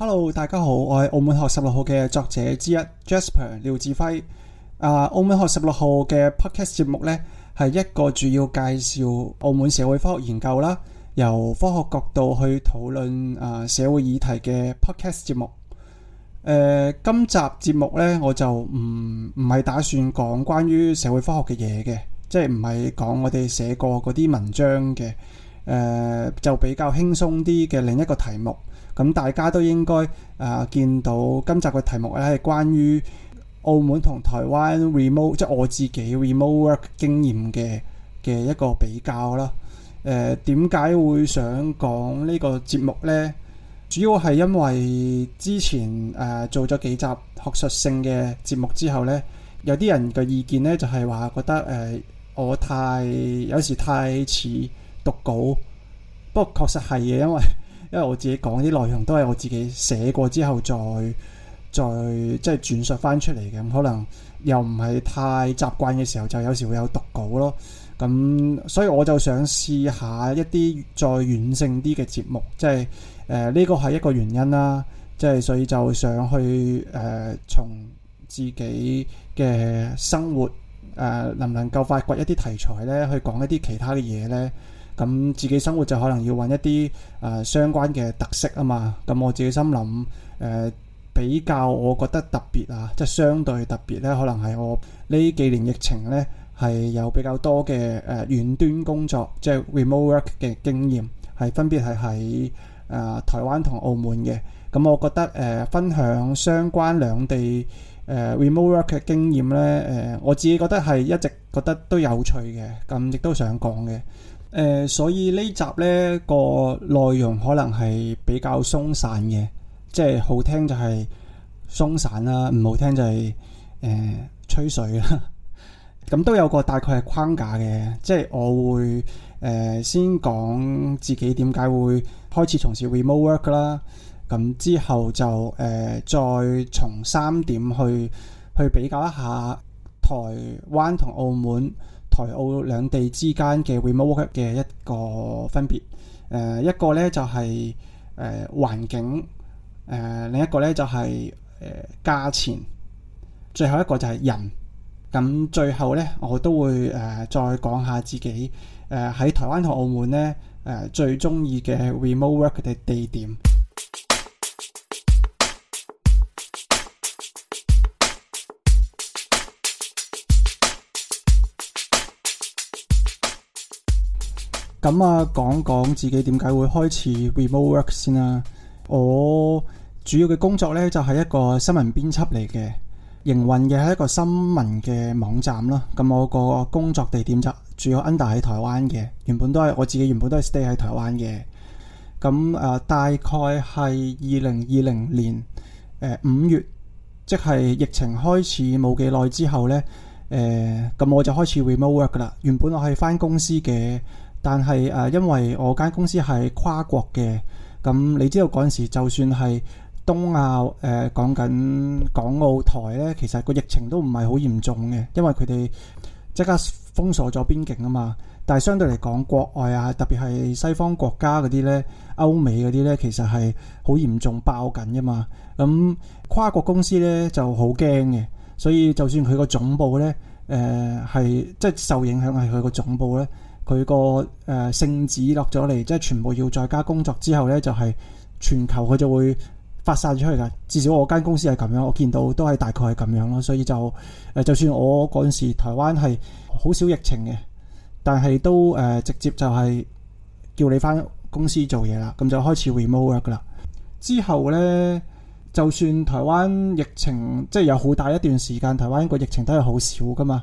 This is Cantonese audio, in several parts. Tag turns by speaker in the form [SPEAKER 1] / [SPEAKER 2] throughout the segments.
[SPEAKER 1] Hello，大家好，我係澳門學十六號嘅作者之一 Jasper 廖志輝。啊、uh,，澳門學十六號嘅 podcast 節目呢，係一個主要介紹澳門社會科學研究啦，由科學角度去討論啊社會議題嘅 podcast 節目。誒、uh,，今集節目呢，我就唔唔係打算講關於社會科學嘅嘢嘅，即係唔係講我哋寫過嗰啲文章嘅。誒、uh,，就比較輕鬆啲嘅另一個題目。咁大家都應該誒、呃、見到今集嘅題目咧，係關於澳門同台灣 remote，即係我自己 remote work 經驗嘅嘅一個比較啦。誒，點解會想講呢個節目呢？主要係因為之前誒、呃、做咗幾集學術性嘅節目之後呢，有啲人嘅意見呢就係、是、話覺得誒、呃、我太，有時太似讀稿，不過確實係嘅，因為。因為我自己講啲內容都係我自己寫過之後再再即係轉述翻出嚟嘅，可能又唔係太習慣嘅時候，就有時候會有讀稿咯。咁所以我就想試下一啲再軟性啲嘅節目，即係誒呢個係一個原因啦。即係所以就想去誒從、呃、自己嘅生活誒、呃、能唔能夠發掘一啲題材呢？去講一啲其他嘅嘢呢。咁自己生活就可能要揾一啲誒相關嘅特色啊嘛。咁我自己心諗誒，比較我覺得特別啊，即係相對特別咧，可能係我呢幾年疫情咧係有比較多嘅誒遠端工作，即係 remote work 嘅經驗，係分別係喺誒台灣同澳門嘅。咁我覺得誒分享相關兩地誒 remote work 嘅經驗咧，誒我自己覺得係一直覺得都有趣嘅，咁亦都想講嘅。誒、呃，所以呢集呢個內容可能係比較鬆散嘅，即係好聽就係鬆散啦，唔好聽就係、是、誒、呃、吹水啦。咁 都有個大概係框架嘅，即係我會誒、呃、先講自己點解會開始從事 remote work 啦。咁之後就誒、呃、再從三點去去比較一下台灣同澳門。台澳兩地之間嘅 remote work 嘅一個分別，誒、呃、一個咧就係誒環境，誒、呃、另一個咧就係誒價錢，最後一個就係人。咁最後咧我都會誒、呃、再講下自己誒喺、呃、台灣同澳門咧誒、呃、最中意嘅 remote work 嘅地點。咁啊，講講自己點解會開始 remote work 先啦、啊。我主要嘅工作呢，就係、是、一個新聞編輯嚟嘅，營運嘅係一個新聞嘅網站啦。咁我個工作地點就主要 under 喺台灣嘅，原本都係我自己，原本都係 stay 喺台灣嘅。咁誒、啊，大概係二零二零年五、呃、月，即、就、係、是、疫情開始冇幾耐之後呢，誒、呃，咁我就開始 remote work 啦。原本我係返公司嘅。但係誒，因為我間公司係跨國嘅，咁你知道嗰陣時，就算係東亞誒講緊港澳台咧，其實個疫情都唔係好嚴重嘅，因為佢哋即刻封鎖咗邊境啊嘛。但係相對嚟講，國外啊，特別係西方國家嗰啲咧，歐美嗰啲咧，其實係好嚴重爆緊嘅嘛。咁跨國公司咧就好驚嘅，所以就算佢個總部咧，誒係即係受影響係佢個總部咧。佢個誒聖旨落咗嚟，即係全部要在家工作之後呢，就係、是、全球佢就會發散出去嘅。至少我間公司係咁樣，我見到都係大概係咁樣咯。所以就誒、呃，就算我嗰陣時台灣係好少疫情嘅，但係都誒、呃、直接就係叫你翻公司做嘢啦，咁就開始 remote 噶啦。之後呢，就算台灣疫情即係有好大一段時間，台灣個疫情都係好少噶嘛。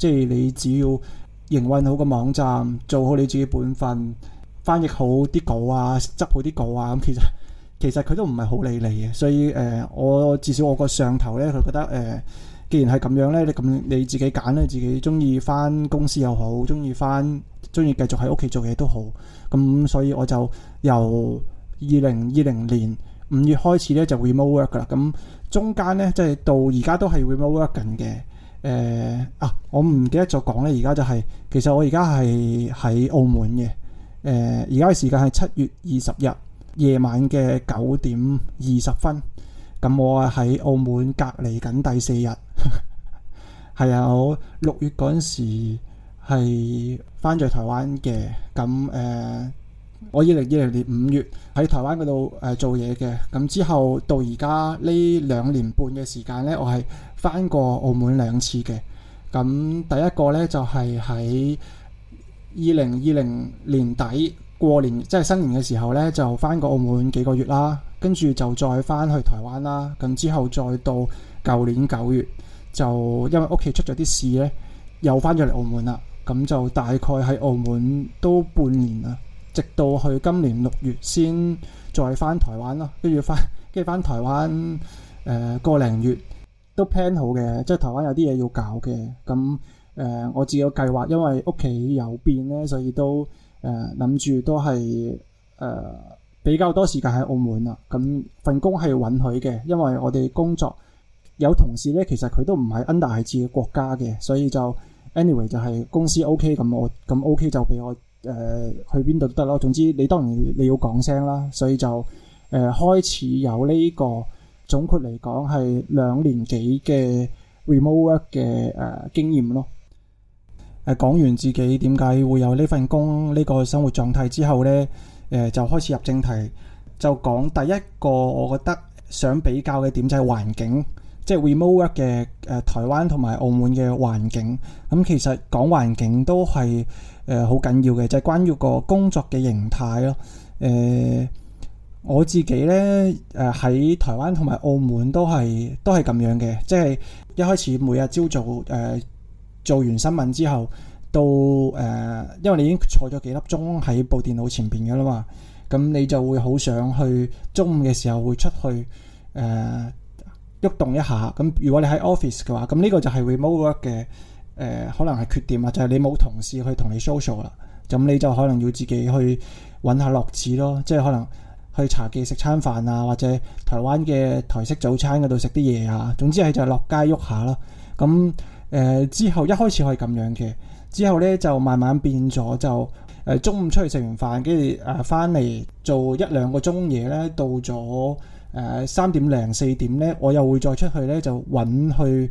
[SPEAKER 1] 即係你只要營運好個網站，做好你自己本分，翻譯好啲稿啊，執好啲稿啊，咁其實其實佢都唔係好理你嘅，所以誒、呃，我至少我個上頭咧，佢覺得誒、呃，既然係咁樣咧，你咁你自己揀咧，自己中意翻公司又好，中意翻中意繼續喺屋企做嘢都好，咁所以我就由二零二零年五月開始咧就 remote work 啦，咁中間咧即係到而家都係 remote work 緊嘅。誒、呃、啊，我唔記得咗講咧。而家就係、是，其實我而家係喺澳門嘅。誒，而家嘅時間係七月二十日夜晚嘅九點二十分。咁我喺澳門隔離緊第四日。係啊，我六月嗰陣時係返咗台灣嘅。咁誒、呃，我二零二零年五月喺台灣嗰度誒做嘢嘅。咁之後到而家呢兩年半嘅時間咧，我係。翻過澳門兩次嘅，咁第一個呢，就係喺二零二零年底過年，即係新年嘅時候呢，就翻過澳門幾個月啦。跟住就再翻去台灣啦。咁之後再到舊年九月，就因為屋企出咗啲事呢，又翻咗嚟澳門啦。咁就大概喺澳門都半年啦，直到去今年六月先再翻台灣咯。跟住翻跟住翻台灣誒、呃、個零月。都 plan 好嘅，即係台灣有啲嘢要搞嘅，咁誒、呃、我自己有計劃，因為屋企有變咧，所以都誒諗住都係誒、呃、比較多時間喺澳門啦。咁份工係允許嘅，因為我哋工作有同事咧，其實佢都唔係 under 係自己國家嘅，所以就 anyway 就係公司 OK 咁我咁 OK 就俾我誒、呃、去邊度得咯。總之你當然你要講聲啦，所以就誒、呃、開始有呢個。總括嚟講，係兩年幾嘅 remote work 嘅誒經驗咯。誒講完自己點解會有呢份工呢個生活狀態之後呢，誒就開始入正題，就講第一個我覺得想比較嘅點就係環境，即係 remote work 嘅誒台灣同埋澳門嘅環境。咁其實講環境都係誒好緊要嘅，就係關於個工作嘅形態咯，誒。我自己咧，誒、呃、喺台灣同埋澳門都係都係咁樣嘅，即係一開始每日朝早、呃、做完新聞之後，到、呃、因為你已經坐咗幾粒鐘喺部電腦前面嘅啦嘛，咁你就會好想去中午嘅時候會出去誒喐、呃、動，動一下。咁如果你喺 office 嘅話，咁呢個就係 remote work 嘅、呃、可能係缺點啊，就係、係、你冇同事去同你 social 啦，咁你就可能要自己去揾下樂子咯，即係可能。去茶記食餐飯啊，或者台灣嘅台式早餐嗰度食啲嘢啊，總之係就落街喐下咯。咁誒、呃、之後一開始可以咁樣嘅，之後咧就慢慢變咗，就、呃、誒中午出去食完飯，跟住誒翻嚟做一兩個鐘嘢咧，到咗誒三點零四點咧，我又會再出去咧就揾去。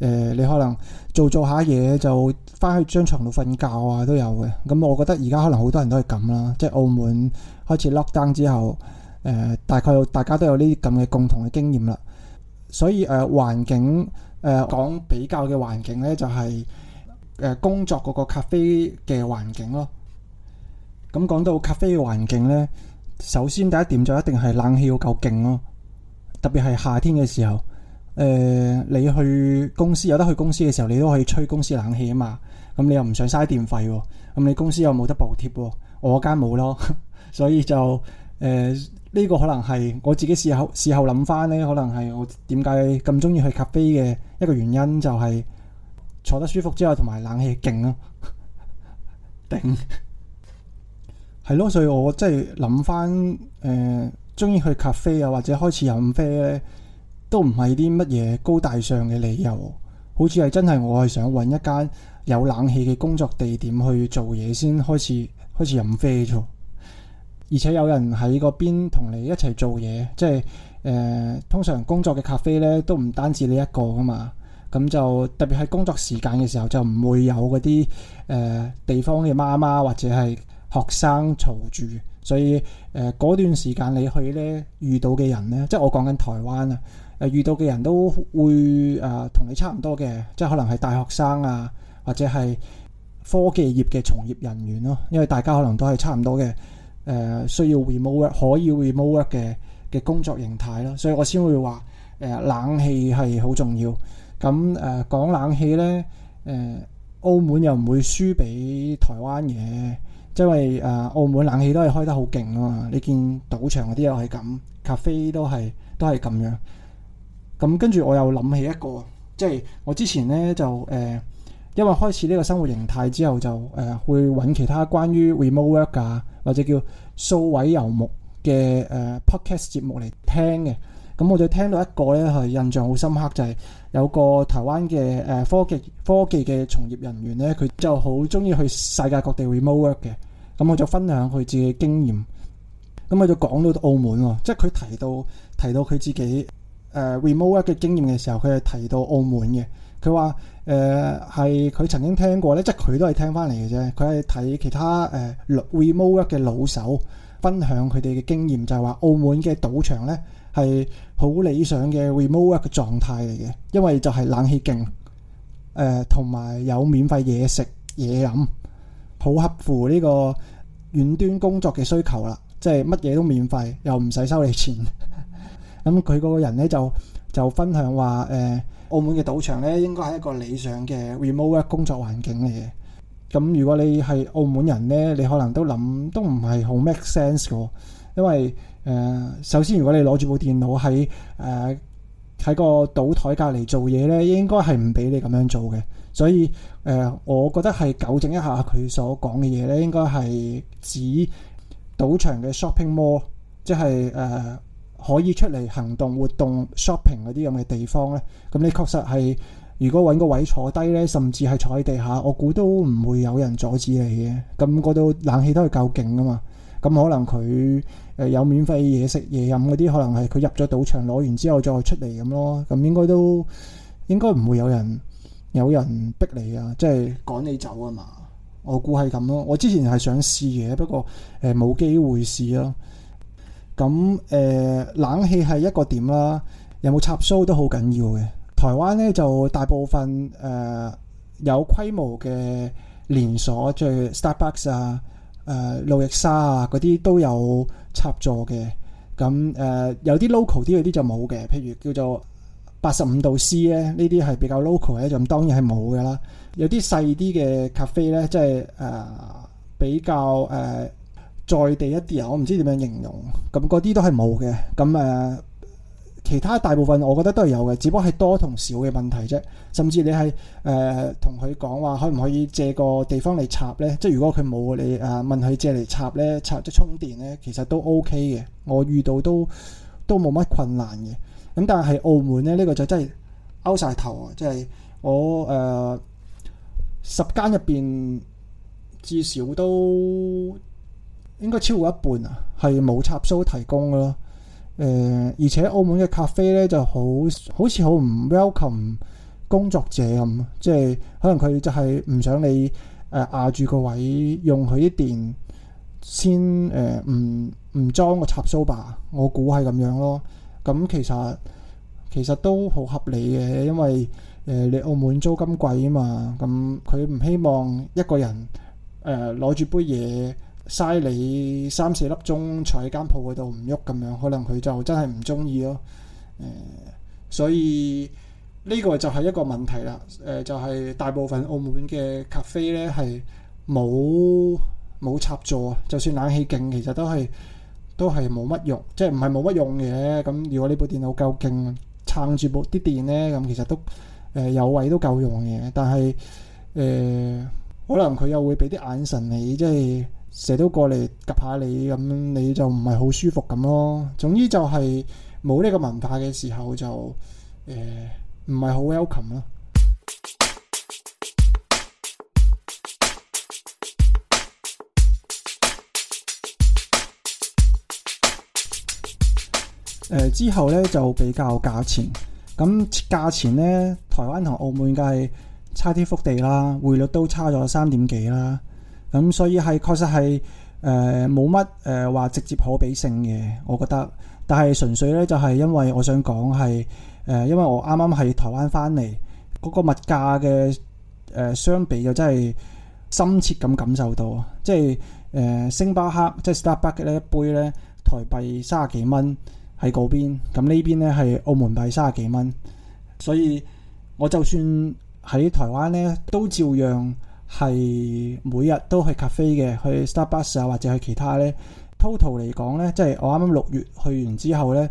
[SPEAKER 1] 呃、你可能做做下嘢就翻去張床度瞓覺啊，都有嘅。咁我覺得而家可能好多人都係咁啦，即係澳門開始 lock down 之後、呃，大概大家都有呢啲咁嘅共同嘅經驗啦。所以誒環境、呃、講、呃、比較嘅環境呢，就係、誒、工作嗰個咖啡嘅環境咯。咁講到咖啡嘅環境呢，首先第一點就一定係冷氣要夠勁咯，特別係夏天嘅時候。誒、呃，你去公司有得去公司嘅時候，你都可以吹公司冷氣啊嘛。咁你又唔想嘥電費，哦，咁你公司又冇得補貼，我間冇咯。所以就誒，呢，呃，這個可能係我自己事後事後諗翻呢，可能係我點解咁中意去咖啡嘅一個原因，就係、是、坐得舒服之後，同埋冷氣勁咯，啊。 頂係咯， 所以我即係諗翻誒，中、呃、意去咖啡啊，或者開始飲啡咧。都唔係啲乜嘢高大上嘅理由，好似係真係我係想揾一間有冷氣嘅工作地點去做嘢先開始開始飲啡啫。而且有人喺嗰邊同你一齊做嘢，即係誒、呃，通常工作嘅咖啡呢都唔單止你一個噶嘛咁就特別係工作時間嘅時候就唔會有嗰啲誒地方嘅媽媽或者係學生嘈住，所以誒嗰、呃、段時間你去呢遇到嘅人呢，即係我講緊台灣啊。誒遇到嘅人都會誒同你差唔多嘅，即係可能係大學生啊，或者係科技業嘅從業人員咯。因為大家可能都係差唔多嘅誒，需要 remote work，可以 remote work 嘅嘅工作型態咯，所以我先會話誒冷氣係好重要。咁誒講冷氣咧，誒澳門又唔會輸俾台灣嘅，因為誒澳門冷氣都係開得好勁啊嘛。你見賭場嗰啲又係咁，cafe 都係都係咁樣。咁跟住我又諗起一個，即係我之前呢，就誒，因為開始呢個生活形態之後就，誒會揾其他關於 remote work 啊，或者叫數位遊牧嘅 podcast 節目嚟聽嘅。咁我就聽到一個呢，係印象好深刻，就係有個台灣嘅誒科技科技嘅從業人員呢，佢就好中意去世界各地 remote work 嘅。咁我就分享佢自己嘅經驗。咁我就講到澳門喎，即係佢提到提到佢自己。誒 remote work 嘅經驗嘅時候，佢係提到澳門嘅。佢話誒係佢曾經聽過咧，即係佢都係聽翻嚟嘅啫。佢係睇其他誒、呃、remote work 嘅老手分享佢哋嘅經驗，就係、是、話澳門嘅賭場咧係好理想嘅 remote work 嘅狀態嚟嘅，因為就係冷氣勁，誒同埋有免費嘢食嘢飲，好合乎呢個遠端工作嘅需求啦。即係乜嘢都免費，又唔使收你錢。咁佢嗰個人咧就就分享話誒，澳門嘅賭場咧應該係一個理想嘅 remote work 工作環境嚟嘅。咁如果你係澳門人咧，你可能都諗都唔係好 make sense 㗎，因為誒，首先如果你攞住部電腦喺誒喺個賭台隔離做嘢咧，應該係唔俾你咁樣做嘅。所以誒，我覺得係糾正一下佢所講嘅嘢咧，應該係指賭場嘅 shopping mall，即係誒。可以出嚟行動、活動、shopping 嗰啲咁嘅地方咧，咁你確實係如果搵個位坐低咧，甚至係坐喺地下，我估都唔會有人阻止你嘅。咁嗰度冷氣都係夠勁噶嘛，咁可能佢、呃、有免費嘢食、嘢飲嗰啲，可能係佢入咗賭場攞完之後再出嚟咁咯。咁應該都應該唔會有人有人逼你啊，即係趕你走啊嘛。我估係咁咯。我之前係想試嘢，不過呃、冇機會試咯。咁誒、呃、冷氣係一個點啦，有冇插蘇都好緊要嘅。台灣咧就大部分誒、呃、有規模嘅連鎖，即係 Starbucks 啊、誒、呃、路易莎啊嗰啲都有插座嘅。咁誒、呃、有啲 local 啲嗰啲就冇嘅，譬如叫做八十五度 C 咧，呢啲係比較 local 咧，就當然係冇嘅啦。有啲細啲嘅 cafe 咧，即係誒比較誒。呃在地一啲啊，我唔知點樣形容，咁嗰啲都係冇嘅。咁誒、呃，其他大部分我覺得都係有嘅，只不過係多同少嘅問題啫。甚至你係誒同佢講話，呃、說說可唔可以借個地方嚟插咧？即係如果佢冇你誒、呃、問佢借嚟插咧，插即充電咧，其實都 OK 嘅。我遇到都都冇乜困難嘅。咁但係澳門咧，呢、這個就真係拗晒頭啊！即、就、係、是、我誒十間入邊至少都。應該超過一半啊，係冇插蘇提供咯。誒、呃，而且澳門嘅咖啡咧，就好好似好唔 welcome 工作者咁，即係可能佢就係唔想你誒壓、呃、住個位用佢啲電先誒，唔唔裝個插蘇吧。我估係咁樣咯。咁、嗯、其實其實都好合理嘅，因為誒、呃、你澳門租金貴啊嘛，咁佢唔希望一個人誒攞住杯嘢。嘥你三四粒鐘坐喺間鋪嗰度唔喐咁樣，可能佢就真係唔中意咯。誒、呃，所以呢個就係一個問題啦。誒、呃，就係大部分澳門嘅 cafe 咧係冇冇插座啊。就算冷氣勁，其實都係都係冇乜用。即係唔係冇乜用嘅。咁如果呢部電腦夠勁，撐住部啲電咧，咁其實都誒、呃、有位都夠用嘅。但係誒、呃，可能佢又會俾啲眼神你，即係。成日都過嚟及下你咁，你就唔係好舒服咁咯。總之就係冇呢個文化嘅時候就誒唔係好 welcome 啦。誒、呃、之後咧就比較價錢，咁價錢咧台灣同澳門嘅係差啲福地啦，匯率都差咗三點幾啦。咁、嗯、所以係確實係誒冇乜誒話直接可比性嘅，我覺得。但係純粹咧就係、是、因為我想講係誒，因為我啱啱喺台灣翻嚟，嗰、那個物價嘅誒、呃、相比就真係深切咁感受到。即係誒、呃、星巴克即係 Starbucks 呢一杯咧，台幣卅幾蚊喺嗰邊，咁呢邊咧係澳門幣卅幾蚊。所以我就算喺台灣咧都照樣。係每日都去咖啡嘅，去 Starbucks 啊，或者去其他呢。total 嚟講呢，即係我啱啱六月去完之後呢，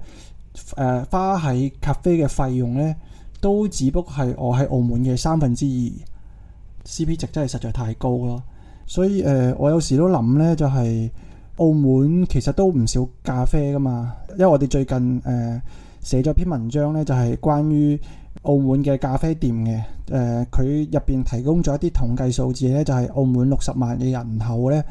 [SPEAKER 1] 誒花喺咖啡嘅費用呢，都只不過係我喺澳門嘅三分之二。CP 值真係實在太高咯，所以誒我有時都諗呢，就係澳門其實都唔少咖啡噶嘛，因為我哋最近誒寫咗篇文章呢，就係關於。澳門嘅咖啡店嘅，誒、呃，佢入邊提供咗一啲統計數字咧，就係、是、澳門六十萬嘅人口咧，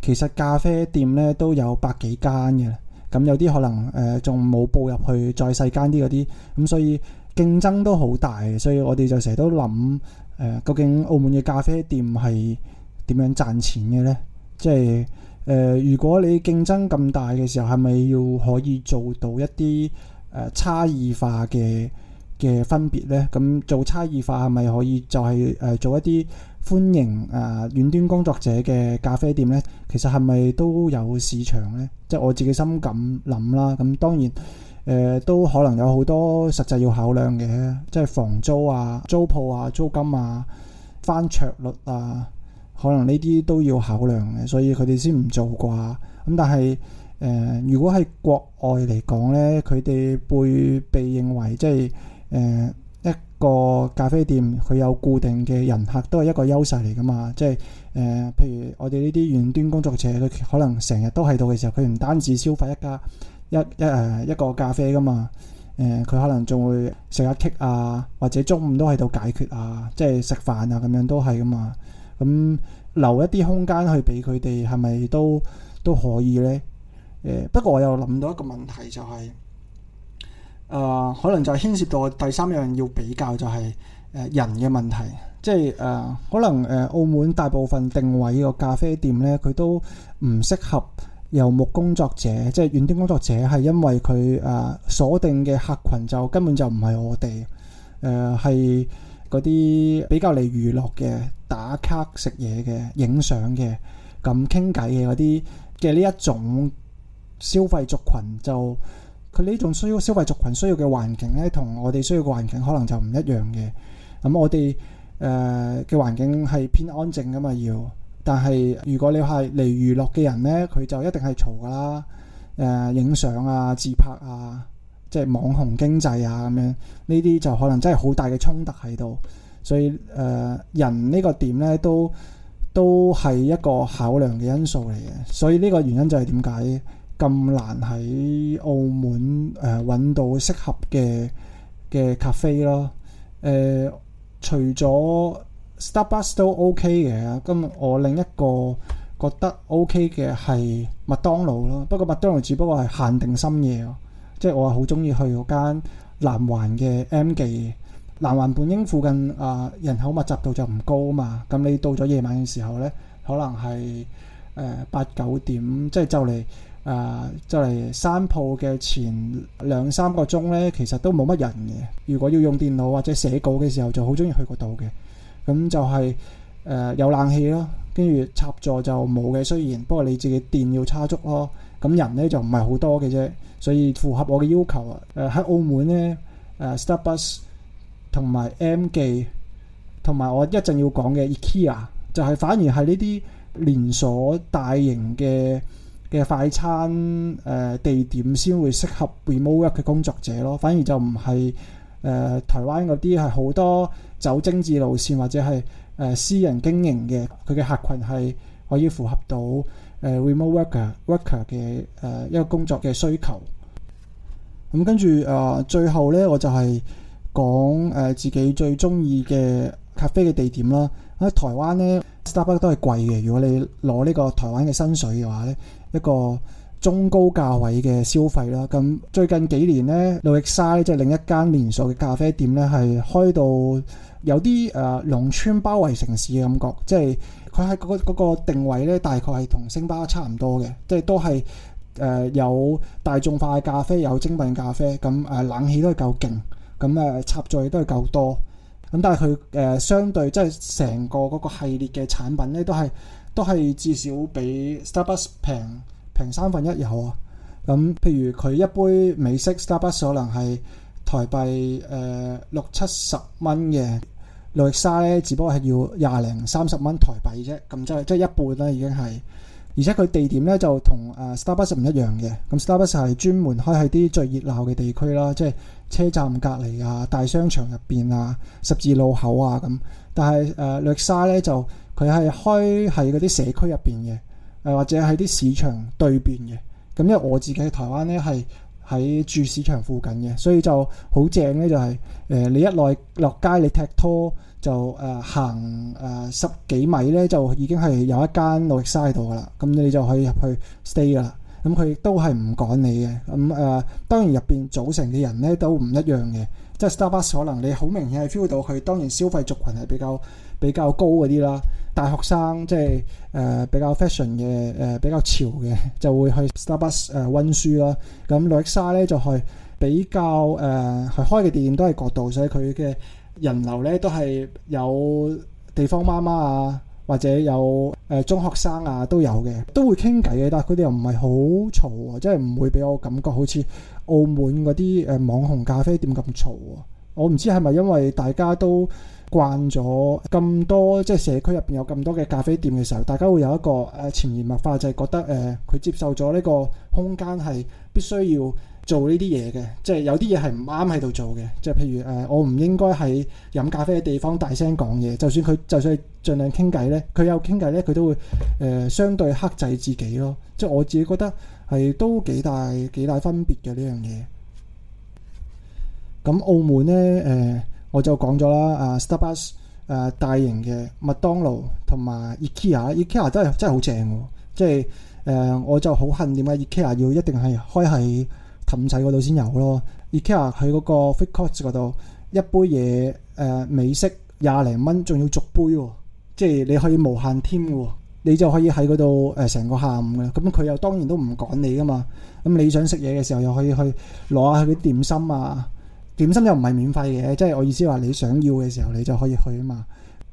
[SPEAKER 1] 其實咖啡店咧都有百幾間嘅，咁有啲可能誒仲冇步入去再細間啲嗰啲，咁所以競爭都好大嘅，所以我哋就成日都諗，誒、呃，究竟澳門嘅咖啡店係點樣賺錢嘅咧？即、就、係、是，誒、呃，如果你競爭咁大嘅時候，係咪要可以做到一啲誒、呃、差異化嘅？嘅分別呢，咁做差異化係咪可以就係誒做一啲歡迎誒、呃、遠端工作者嘅咖啡店呢？其實係咪都有市場呢？即係我自己心咁諗啦。咁當然、呃、都可能有好多實際要考量嘅，即係房租啊、租鋪啊、租金啊、翻桌率啊，可能呢啲都要考量嘅，所以佢哋先唔做啩。咁但係、呃、如果喺國外嚟講呢，佢哋會被認為即係。誒一個咖啡店，佢有固定嘅人客，都係一個優勢嚟噶嘛。即係誒、呃，譬如我哋呢啲遠端工作者，佢可能成日都喺度嘅時候，佢唔單止消費一家一一誒一,一個咖啡噶嘛。誒、呃，佢可能仲會食下 cake 啊，或者中午都喺度解決啊，即係食飯啊咁樣都係噶嘛。咁、嗯、留一啲空間去俾佢哋，係咪都都可以咧？誒、呃，不過我又諗到一個問題、就係，就係。誒、呃、可能就牽涉到第三樣要比較就係、是、誒、呃、人嘅問題，即係誒、呃、可能誒、呃、澳門大部分定位個咖啡店呢，佢都唔適合遊牧工作者，即係遠端工作者，係因為佢誒、呃、鎖定嘅客群就根本就唔係我哋，誒係嗰啲比較嚟娛樂嘅、打卡食嘢嘅、影相嘅、咁傾偈嘅嗰啲嘅呢一種消費族群，就。佢呢種需要消費族群需要嘅環境咧，同我哋需要嘅環境可能就唔一樣嘅。咁、嗯、我哋誒嘅環境係偏安靜噶嘛，要。但係如果你係嚟娛樂嘅人咧，佢就一定係嘈噶啦。誒、呃，影相啊，自拍啊，即係網紅經濟啊，咁樣呢啲就可能真係好大嘅衝突喺度。所以誒、呃，人呢個點咧，都都係一個考量嘅因素嚟嘅。所以呢個原因就係點解？咁難喺澳門誒揾到適合嘅嘅 cafe 咯。誒，除咗 Starbucks 都 OK 嘅，咁我另一個覺得 OK 嘅係麥當勞咯。不過麥當勞只不過係限定深夜哦，即係我係好中意去嗰間南環嘅 M 記。南環半英附近啊，人口密集度就唔高嘛。咁你到咗夜晚嘅時候咧，可能係誒八九點，即係就嚟。誒、啊、就嚟、是，三鋪嘅前兩三個鐘咧，其實都冇乜人嘅。如果要用電腦或者寫稿嘅時候就，就好中意去嗰度嘅。咁就係誒有冷氣咯，跟住插座就冇嘅。雖然不過你自己電要叉足咯。咁人咧就唔係好多嘅啫，所以符合我嘅要求啊。喺澳門咧，誒 Starbucks 同埋 M 記，同埋我一陣要講嘅 IKEA，就係反而係呢啲連鎖大型嘅。嘅快餐誒地點先會適合 remote work 嘅工作者咯，反而就唔係誒台灣嗰啲係好多走精緻路線或者係誒、呃、私人經營嘅，佢嘅客群係可以符合到誒 remote worker worker 嘅誒、呃、一個工作嘅需求。咁、嗯、跟住誒、呃、最後咧，我就係講誒、呃、自己最中意嘅咖啡嘅地點啦。喺台灣咧。Starbucks 都係貴嘅，如果你攞呢個台灣嘅薪水嘅話咧，一個中高價位嘅消費啦。咁最近幾年咧，路易莎即係另一間連鎖嘅咖啡店咧，係開到有啲誒農村包圍城市嘅感覺，即係佢喺嗰嗰個定位咧，大概係同星巴克差唔多嘅，即係都係誒有大眾化嘅咖啡，有精品咖啡，咁誒冷氣都係夠勁，咁誒插座亦都係夠多。咁但係佢、呃、相對即係成個嗰個系列嘅產品咧，都係都係至少比 Starbucks 平平三分一又好啊！咁、嗯、譬如佢一杯美式 Starbucks 可能係台幣誒六七十蚊嘅，路、呃、易莎咧，只不過係要廿零三十蚊台幣啫，咁即係即係一半啦已經係。而且佢地點咧就同誒 Starbucks 唔一樣嘅，咁 Starbucks 係專門開喺啲最熱鬧嘅地區啦，即係車站隔籬啊、大商場入邊啊、十字路口啊咁。但係誒 Louisa 咧就佢係開喺嗰啲社區入邊嘅，誒或者喺啲市場對邊嘅。咁因為我自己喺台灣咧係喺住市場附近嘅，所以就好正咧就係、是、誒、呃、你一來落街你踢拖。就誒行誒十幾米咧，就已經係有一間路易莎喺度噶啦。咁你就可以入去 stay 啦。咁佢亦都係唔趕你嘅。咁誒當然入邊組成嘅人咧都唔一樣嘅。即係 Starbucks 可能你好明顯係 feel 到佢，當然消費族群係比較比較高嗰啲啦。大學生即係誒比較 fashion 嘅誒比較潮嘅就會去 Starbucks 誒溫書啦。咁路易莎咧就係比較誒係開嘅店都係國度，所以佢嘅。人流咧都係有地方媽媽啊，或者有、呃、中學生啊都有嘅，都會傾偈嘅，但係佢哋又唔係好嘈啊，即係唔會俾我感覺好似澳門嗰啲誒網紅咖啡店咁嘈啊！我唔知係咪因為大家都慣咗咁多，即係社區入面有咁多嘅咖啡店嘅時候，大家會有一個誒潛移默化，就係覺得誒佢接受咗呢個空間係必須要。做呢啲嘢嘅，即、就、係、是、有啲嘢係唔啱喺度做嘅，即、就、係、是、譬如誒、呃，我唔應該喺飲咖啡嘅地方大聲講嘢，就算佢就算係盡量傾偈咧，佢有傾偈咧，佢都會誒、呃、相對克制自己咯。即係我自己覺得係都幾大幾大分別嘅呢樣嘢。咁澳門咧誒、呃，我就講咗啦，啊 Starbucks 誒、啊、大型嘅麥當勞同埋 IKEA，IKEA、啊、都係真係好正喎。即係誒、呃，我就好恨點解 IKEA 要一定係開喺氹仔嗰度先有咯。IKEA 佢嗰個 Food Court 嗰度一杯嘢誒、呃、美式廿零蚊，仲要續杯喎、哦，即係你可以無限添喎、哦，你就可以喺嗰度成個下午嘅。咁佢又當然都唔趕你噶嘛。咁你想食嘢嘅時候，又可以去攞下佢啲點心啊。點心又唔係免費嘅，即係我意思話你想要嘅時候，你就可以去啊嘛。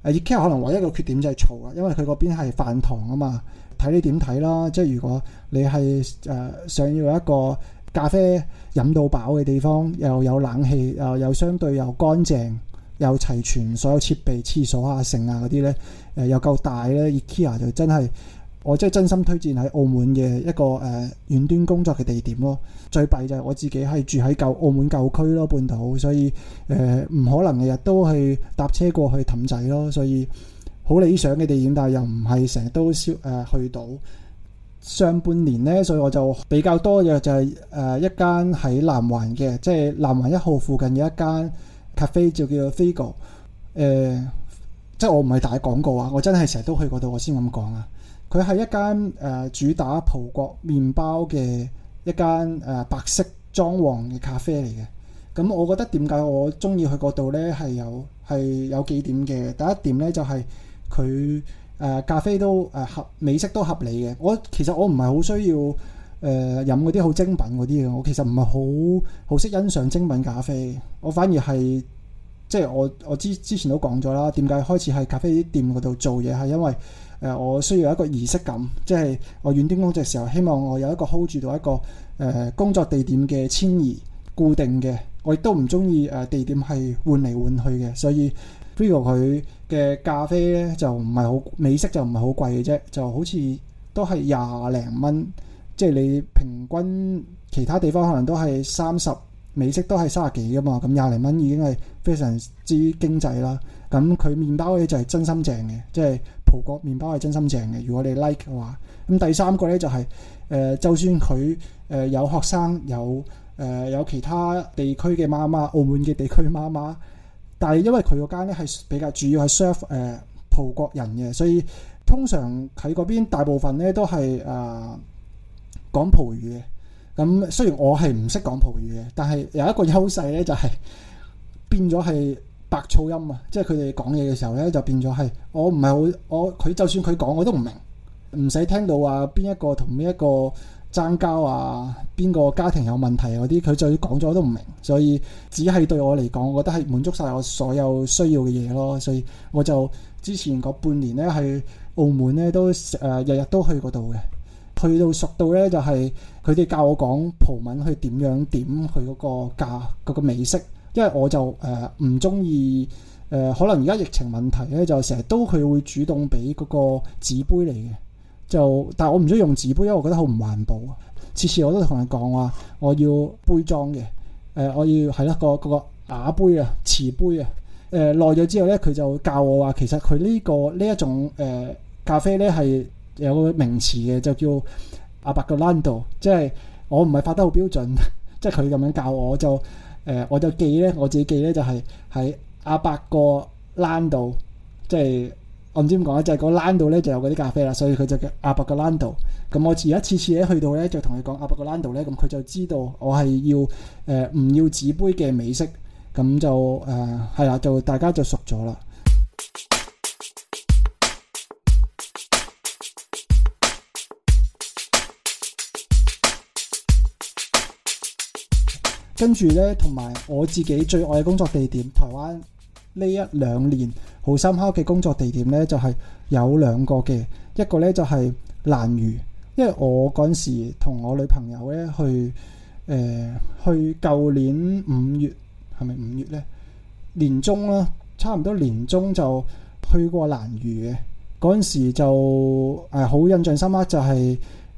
[SPEAKER 1] IKEA 可能唯一個缺點就係嘈啊，因為佢嗰邊係飯堂啊嘛。睇你點睇啦，即係如果你係、呃、想要一個咖啡飲到飽嘅地方，又有冷氣又，又相對又乾淨，又齊全所有設備，廁所啊、剩啊嗰啲呢，誒又夠大呢，IKEA 就真係我真係真心推薦喺澳門嘅一個誒、呃、遠端工作嘅地點咯。最弊就係我自己係住喺舊澳門舊區咯，半島，所以誒唔、呃、可能的日日都去搭車過去氹仔咯，所以好理想嘅地點，但係又唔係成日都消誒、呃、去到。上半年咧，所以我就比較多嘅就係誒一間喺南環嘅，即係南環一號附近有一間咖啡，就叫做 Figo，誒，即係我唔係打廣告啊，我真係成日都去嗰度，我先咁講啊。佢係一間誒主打葡國麵包嘅一間誒白色裝潢嘅咖啡嚟嘅。咁我覺得點解我中意去嗰度咧係有係有幾點嘅？第一點咧就係佢。誒、呃、咖啡都誒合、呃、美式都合理嘅，呃，我其實我唔係好需要誒飲嗰啲好精品嗰啲嘅。我其實唔係好好識欣賞精品咖啡，我反而係即係我我之之前都講咗啦，點解開始喺咖啡店嗰度做嘢係因為誒、呃、我需要有一個儀式感，即係我遠端工作嘅時候希望我有一個 hold 住到一個誒、呃、工作地點嘅遷移固定嘅，我亦都唔中意誒地點係換嚟換去嘅，所以 f r 佢。嘅咖啡咧就唔係好美式就唔係好貴嘅啫，就好似都係廿零蚊，即係你平均其他地方可能都係三十美式都係三十幾噶嘛，咁廿零蚊已經係非常之經濟啦。咁佢麵包咧就係真心正嘅，即係葡國麵包係真心正嘅。如果你 like 嘅話，咁第三個咧就係誒，就算佢誒有學生有誒有其他地區嘅媽媽，澳門嘅地區的媽媽。但係因為佢嗰間咧係比較主要係 serve 誒葡國人嘅，所以通常喺嗰邊大部分咧都係誒、呃、講葡語嘅。咁雖然我係唔識講葡語嘅，但係有一個優勢咧就係、是、變咗係白噪音啊，即係佢哋講嘢嘅時候咧就變咗係我唔係好我佢就算佢講我都唔明，唔使聽到話邊一個同邊一個爭交啊，邊個家庭有問題嗰啲，佢就講咗都唔明，所以只係對我嚟講，我覺得係滿足晒我所有需要嘅嘢咯。所以我就之前嗰半年咧，去澳門咧都誒日日都去嗰度嘅，去到熟到咧就係佢哋教我講葡文去點樣點佢嗰個價嗰個美式，因為我就誒唔中意誒，可能而家疫情問題咧，就成日都佢會主動俾嗰個紙杯嚟嘅。就，但我唔中意用紙杯，因為我覺得好唔環保。次次我都同人講話，我要杯裝嘅。誒、呃，我要係一個嗰個瓦杯啊，瓷杯啊。誒、呃，耐咗之後咧，佢就教我話，其實佢呢、這個呢一種誒、呃、咖啡咧係有個名詞嘅，就叫阿伯個蘭度。即係我唔係發得好標準，即係佢咁樣教我就，就、呃、誒我就記咧，我自己記咧就係喺阿伯個蘭度，即係、就是。我唔知點講啦，就係、是、個 land 度咧就有嗰啲咖啡啦，所以佢就叫阿伯個 land 度。咁我而家次次咧去到咧就同佢講阿伯個 land 度咧，咁佢就知道我係要誒唔、呃、要紙杯嘅美式，咁就誒係啦，就大家就熟咗啦、嗯。跟住咧，同埋我自己最愛嘅工作地點，台灣呢一兩年。好深刻嘅工作地點呢，就係、是、有兩個嘅，一個呢，就係、是、蘭嶼，因為我嗰陣時同我女朋友呢，去，誒、呃、去舊年五月，係咪五月呢？年中啦，差唔多年中就去過蘭嶼嘅，嗰陣時就誒好、呃、印象深刻，就係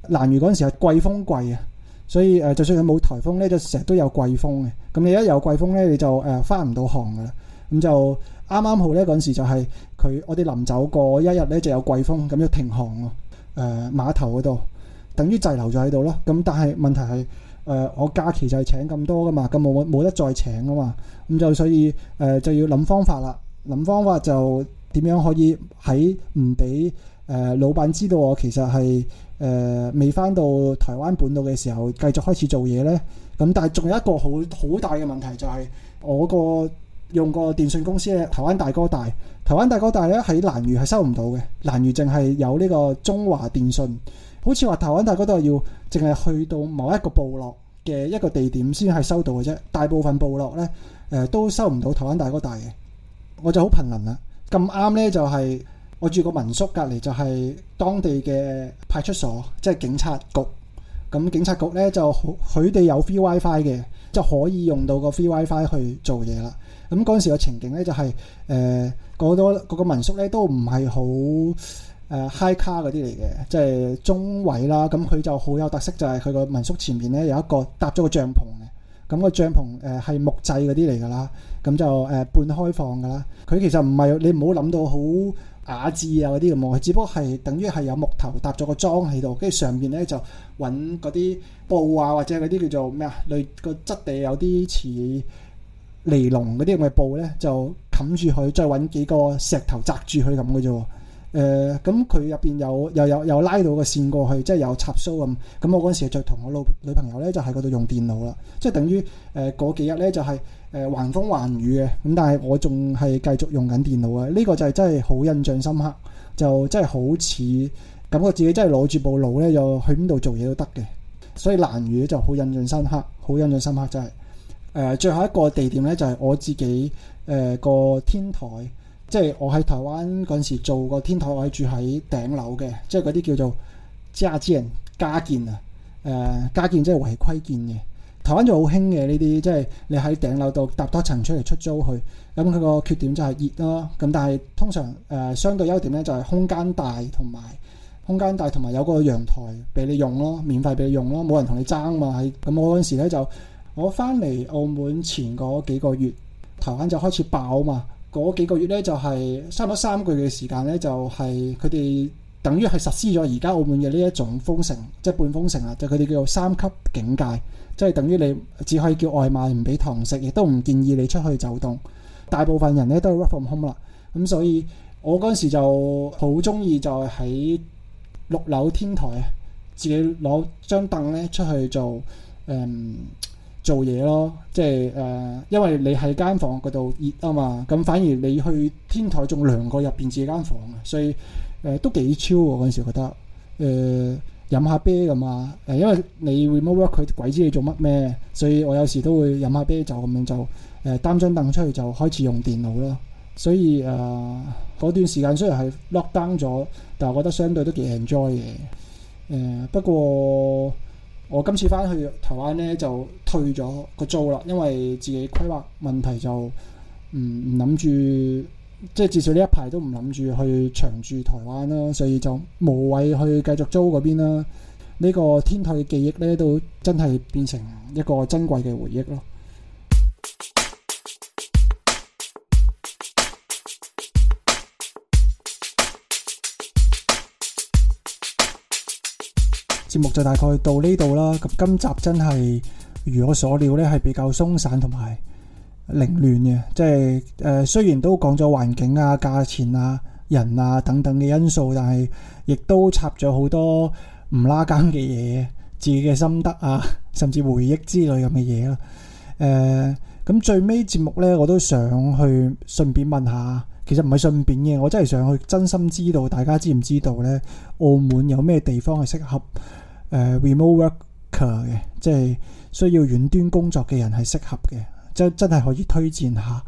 [SPEAKER 1] 蘭嶼嗰陣時係季風季啊，所以誒就算佢冇颱風呢，就成日都有季風嘅，咁你一有季風呢，你就誒翻唔到航噶啦。呃咁就啱啱好咧，嗰陣時就係佢我哋臨走過一日咧，就有季風咁就停航咯。誒、呃，碼頭嗰度等於滯留咗喺度咯。咁但係問題係、呃、我假期就係請咁多噶嘛，咁冇冇得再請噶嘛。咁就所以、呃、就要諗方法啦。諗方法就點樣可以喺唔俾老闆知道我其實係未翻到台灣本土嘅時候，繼續開始做嘢咧。咁但係仲有一個好好大嘅問題就係、是、我、個，用個電信公司嘅台灣大哥大，台灣大哥大咧喺蘭嶼係收唔到嘅，蘭嶼淨係有呢個中華電信。好似話台灣大哥大要淨係去到某一個部落嘅一個地點先係收到嘅啫，大部分部落咧、呃、都收唔到台灣大哥大嘅。我就很好頻能啦，咁啱咧就係、是、我住個民宿隔離就係當地嘅派出所，即係警察局。咁警察局咧就佢哋有 free WiFi 嘅。就可以用到個 free WiFi 去做嘢、就是呃那個就是、啦。咁嗰陣時個情景咧就係，誒，嗰個嗰個民宿咧都唔係好誒 high 卡嗰啲嚟嘅，即係中位啦。咁佢就好有特色，就係佢個民宿前面咧有一個搭咗個帳篷嘅。咁、那個帳篷誒係、呃、木製嗰啲嚟㗎啦。咁就誒、呃、半開放㗎啦。佢其實唔係你唔好諗到好。雅致啊嗰啲咁喎，只不過係等於係有木頭搭咗個樁喺度，跟住上邊咧就揾嗰啲布啊，或者嗰啲叫做咩啊，類個質地有啲似尼龍嗰啲咁嘅布咧，就冚住佢，再揾幾個石頭紮住佢咁嘅啫。誒、呃，咁佢入邊有又有又拉到個線過去，即係有插蘇咁。咁我嗰時就同我老女朋友咧就喺嗰度用電腦啦，即係等於誒嗰幾日咧就係、是。誒、呃、橫風橫雨嘅，咁但係我仲係繼續用緊電腦啊！呢、這個就係真係好印象深刻，就真係好似感覺自己真係攞住部腦咧，又去邊度做嘢都得嘅。所以蘭雨就好印象深刻，好印象深刻就係、是、誒、呃、最後一個地點咧，就係、是、我自己誒、呃、個天台，即、就、係、是、我喺台灣嗰陣時做個天台，我係住喺頂樓嘅，即係嗰啲叫做加建加建啊，誒加建即係話係違規建嘅。呃台灣就好興嘅呢啲，即係你喺頂樓度搭多層出嚟出租去，咁佢個缺點就係熱咯。咁但係通常、呃、相對優點咧就係空間大同埋空間大同埋有個陽台俾你用咯，免費俾你用咯，冇人同你爭嘛。喺咁我嗰陣時咧就我翻嚟澳門前嗰幾個月，台灣就開始爆嘛。嗰幾個月咧就係、是、差唔多三個月嘅時間咧，就係佢哋。等於係實施咗而家澳門嘅呢一種封城，即係半封城啊！就佢、是、哋叫做三級警戒，即係等於你只可以叫外賣不給糖，唔俾堂食，亦都唔建議你出去走動。大部分人咧都 work from home 啦。咁所以，我嗰陣時就好中意就喺六樓天台啊，自己攞張凳咧出去做誒、嗯、做嘢咯。即係誒、呃，因為你喺間房嗰度熱啊嘛，咁反而你去天台仲涼過入邊自己間房啊，所以。呃、都幾超喎！嗰陣時候覺得誒飲、呃、下啤咁啊、呃、因為你 remote work 佢鬼知你做乜咩，所以我有時都會飲下啤酒咁樣就誒擔、呃、張凳出去就開始用電腦啦。所以誒嗰、呃、段時間雖然係 lock down 咗，但我覺得相對都幾 enjoy 嘅。誒、呃、不過我今次翻去台灣咧就退咗個租啦，因為自己規劃問題就唔諗住。即係至少呢一排都唔諗住去長住台灣啦，所以就無謂去繼續租嗰邊啦。呢個天台嘅記憶咧，都真係變成一個珍貴嘅回憶咯。節目就大概到呢度啦。咁今集真係如我所料咧，係比較鬆散同埋。凌亂嘅，即係誒、呃，雖然都講咗環境啊、價錢啊、人啊等等嘅因素，但係亦都插咗好多唔拉更嘅嘢，自己嘅心得啊，甚至回憶之類咁嘅嘢啦。誒、呃，咁最尾節目呢，我都想去順便問下，其實唔係順便嘅，我真係想去真心知道大家知唔知道呢，澳門有咩地方係適合誒、呃、remote worker 嘅，即係需要遠端工作嘅人係適合嘅？真真係可以推薦下，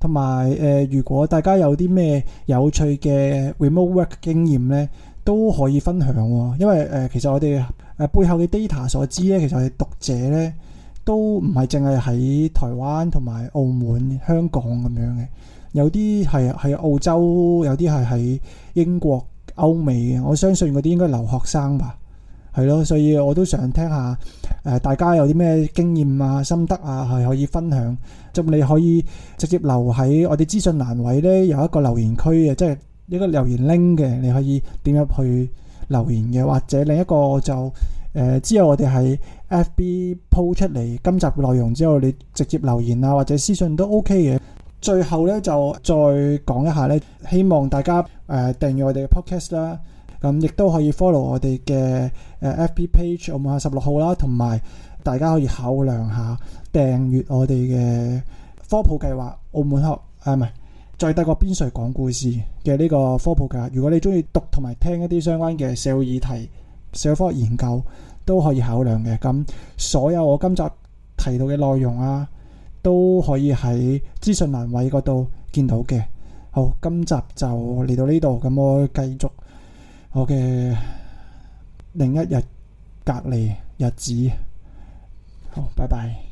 [SPEAKER 1] 同埋、呃、如果大家有啲咩有趣嘅 remote work 經驗咧，都可以分享喎、哦。因為、呃、其實我哋、呃、背後嘅 data 所知咧，其實我哋讀者咧都唔係淨係喺台灣同埋澳門、香港咁樣嘅，有啲係喺澳洲，有啲係喺英國、歐美嘅。我相信嗰啲應該留學生吧。係咯，所以我都想聽下，誒、呃，大家有啲咩經驗啊、心得啊，係可以分享。就你可以直接留喺我哋資訊欄位咧，有一個留言區嘅，即、就、係、是、一個留言 link 嘅，你可以點入去留言嘅。或者另一個就，誒、呃，之後我哋喺 FB 鋪出嚟今集內容之後，你直接留言啊，或者私信都 OK 嘅。最後咧就再講一下咧，希望大家誒訂閱我哋嘅 podcast 啦。咁亦都可以 follow 我哋嘅 FB Page 澳門學16號啦，同埋大家可以考量下訂閱我哋嘅科普計劃澳門學，誒、唔係在帝國邊陲講故事嘅呢個科普計劃。如果你中意讀同埋聽一啲相關嘅社會議題、社會科學研究，都可以考量嘅。咁所有我今集提到嘅內容啊，都可以喺資訊欄位嗰度見到嘅。好，今集就嚟到呢度，咁我繼續。我、okay，嘅另一日隔離日子，好，拜拜。